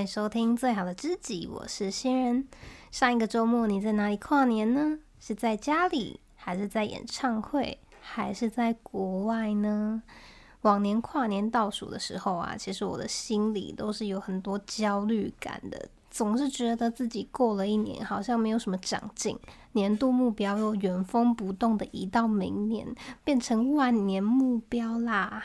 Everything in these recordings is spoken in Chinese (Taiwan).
歡迎收聽最好的知己，我是新人。上一個周末你在哪裡跨年呢？是在家裡，還是在演唱會，還是在國外呢？往年跨年倒數的時候啊，其實我的心裡都是有很多焦慮感的，總是覺得自己過了一年好像沒有什麼長進，年度目標又原封不動的移到明年，變成萬年目標啦。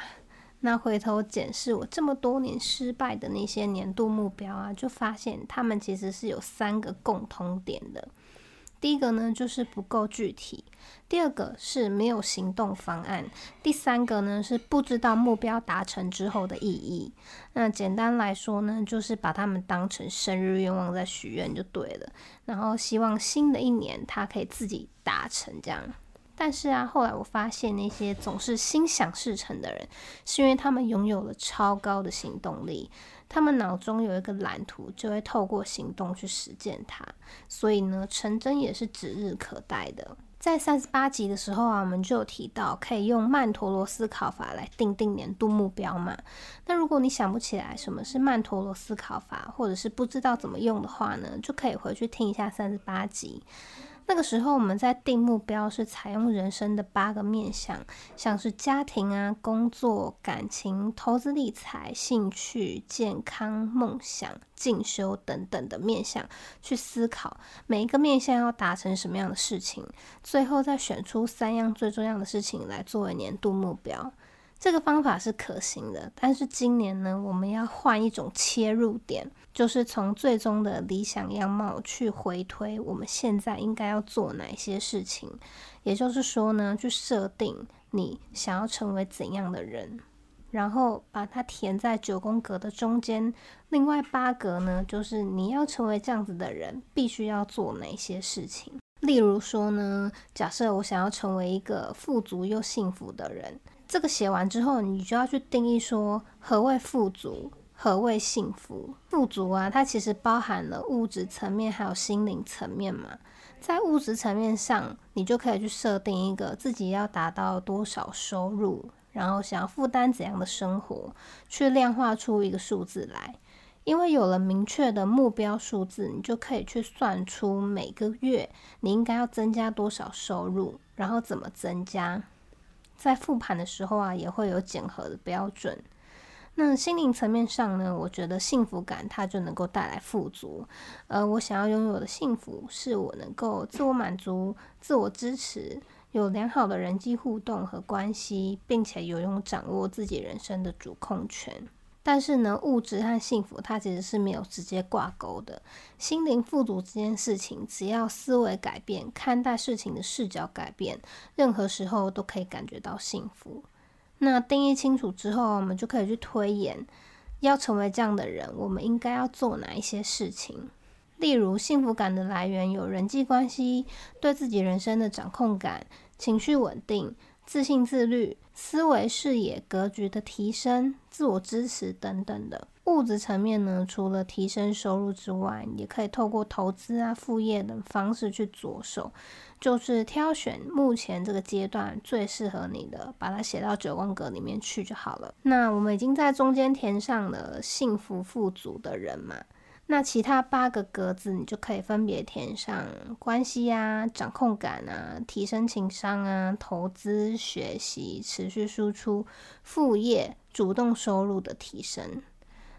那回頭檢視我這麼多年失敗的那些年度目標啊，就發現他們其實是有三個共通點的。第一個呢，就是不夠具體；第二個是沒有行動方案；第三個呢，是不知道目標達成之後的意義。那簡單來說呢，就是把他們當成生日願望在許願就對了。然後希望新的一年他可以自己達成這樣。但是啊，後來我發現那些總是心想事成的人，是因為他們擁有了超高的行動力。他們腦中有一個藍圖，就會透過行動去實踐它。所以呢，成真也是指日可待的。在三十八集的時候啊，我們就有提到可以用曼陀羅思考法來定定年度目標嘛。那如果你想不起來什麼是曼陀羅思考法，或者是不知道怎麼用的話呢，就可以回去聽一下三十八集。那個時候，我們在定目標是採用人生的八個面向，像是家庭啊、工作、感情、投資理財、興趣、健康、夢想、進修等等的面向，去思考每一個面向要達成什麼樣的事情，最後再選出三樣最重要的事情來作為年度目標。這個方法是可行的，但是今年呢，我們要換一種切入點，就是從最終的理想樣貌去回推我們現在應該要做哪些事情。也就是說呢，去設定你想要成為怎樣的人，然後把它填在九宮格的中間。另外八格呢，就是你要成為這樣子的人，必須要做哪些事情。例如說呢，假設我想要成為一個富足又幸福的人。這個寫完之後，你就要去定義說，何謂富足，何謂幸福。富足啊，它其實包含了物質層面還有心靈層面嘛。在物質層面上，你就可以去設定一個自己要達到多少收入，然後想要負擔怎樣的生活，去量化出一個數字來。因為有了明確的目標數字，你就可以去算出每個月你應該要增加多少收入，然後怎麼增加。在復盤的時候啊，也會有檢核的標準。那心靈層面上呢，我覺得幸福感它就能夠帶來富足。呃，我想要擁有的幸福，是我能夠自我滿足、自我支持，有良好的人際互動和關係，並且有用掌握自己人生的主控權。但是呢，物質和幸福它其實是沒有直接掛鈎的。心靈富足這件事情，只要思維改變，看待事情的視角改變，任何時候都可以感覺到幸福。那定義清楚之後，我們就可以去推演，要成為這樣的人，我們應該要做哪一些事情？例如，幸福感的來源有人際關係、對自己人生的掌控感、情緒穩定。自信、自律、思維、視野、格局的提升、自我支持等等的。物質層面呢，除了提升收入之外，也可以透過投資啊、副業等方式去着手，就是挑選目前這個階段最適合你的，把它寫到九宮格裡面去就好了。那我們已經在中間填上了幸福富足的人嘛。那其他八個格子，你就可以分別填上關係啊、掌控感啊、提升情商啊、投資、學習、持續輸出、副業、主動收入的提升。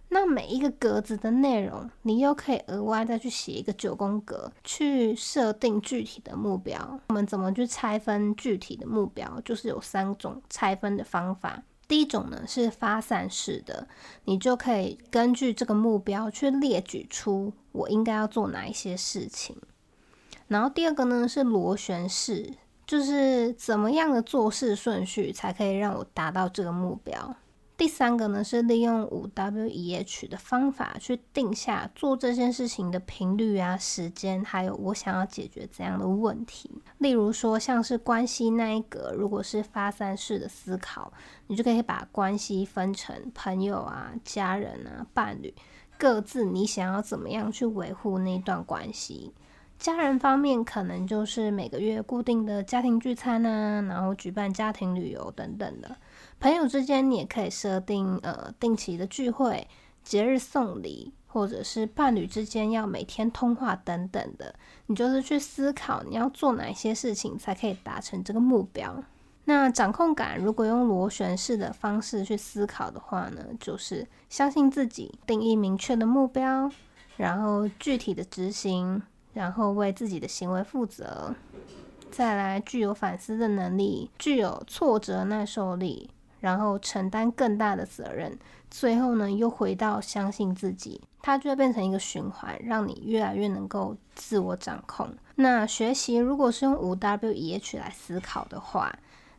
那每一個格子的內容，你又可以額外再去寫一個九宮格，去設定具體的目標。我們怎麼去拆分具體的目標？就是有三種拆分的方法。第一種呢是發散式的，你就可以根據這個目標，去列舉出我應該要做哪一些事情。然後第二個呢是螺旋式，就是怎麼樣的做事順序才可以讓我達到這個目標。第三個呢，是利用 5W1H 的方法去定下做這件事情的頻率啊、時間，還有我想要解決怎樣的問題。例如說，像是關係那一格，如果是發散式的思考，你就可以把關係分成朋友啊、家人啊、伴侶，各自你想要怎麼樣去維護那一段關係。家人方面，可能就是每個月固定的家庭聚餐啊，然後舉辦家庭旅遊等等的。朋友之間，你也可以設定呃定期的聚會、節日送禮，或者是伴侶之間要每天通話等等的。你就是去思考你要做哪些事情才可以達成這個目標。那掌控感如果用螺旋式的方式去思考的話呢，就是相信自己，定義明確的目標，然後具體的執行，然後為自己的行為負責，再來具有反思的能力，具有挫折耐受力。然後承擔更大的責任，最後呢，又回到相信自己，它就會變成一個循環，讓你越來越能夠自我掌控。那學習如果是用五 W 一 H 來思考的話，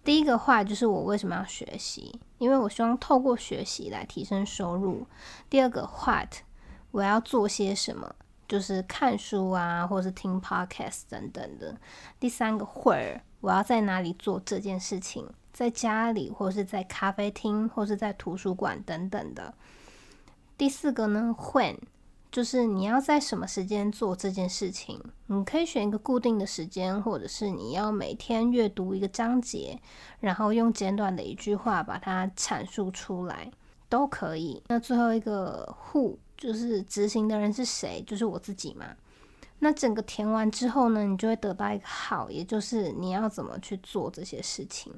第一個話就是我為什麼要學習，因為我希望透過學習來提升收入。第二個 What，我要做些什麼，就是看書啊，或者是聽 Podcast 等等的。第三個 Where，我要在哪裡做這件事情。在家裡，或者是在咖啡廳，或是在圖書館等等的。第四個呢，When，就是你要在什麼時間做這件事情。你可以選一個固定的時間，或者是你要每天閱讀一個章節，然後用簡短、短的一句話把它闡述出來，都可以。那最後一個 Who，就是執行的人是誰，就是我自己嘛。那整個填完之後呢，你就會得到一個 How，也就是你要怎麼去做這些事情。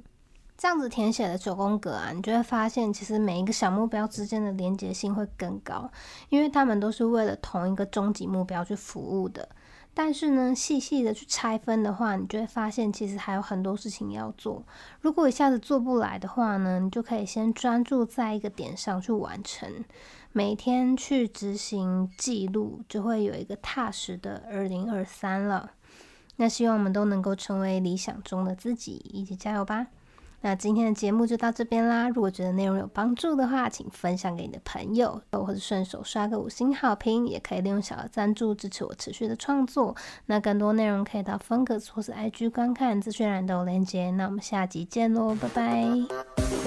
這樣子填寫的九宮格啊，你就會發現，其實每一個小目標之間的連結性會更高，因為他們都是為了同一個終極目標去服務的。但是呢，細細的去拆分的話，你就會發現，其實還有很多事情要做。如果一下子做不來的話呢，你就可以先專注在一個點上去完成，每天去執行記錄，就會有一個踏實的二零二三了。那希望我們都能夠成為理想中的自己，一起加油吧！那今天的節目就到這邊啦！如果覺得內容有幫助的話，請分享給你的朋友，或者順手刷個五星好評，也可以利用小的贊助支持我持續的創作。那更多內容可以到 Firstory 或是 IG 觀看，資訊欄都有鏈接。那我們下集見嘍，拜拜！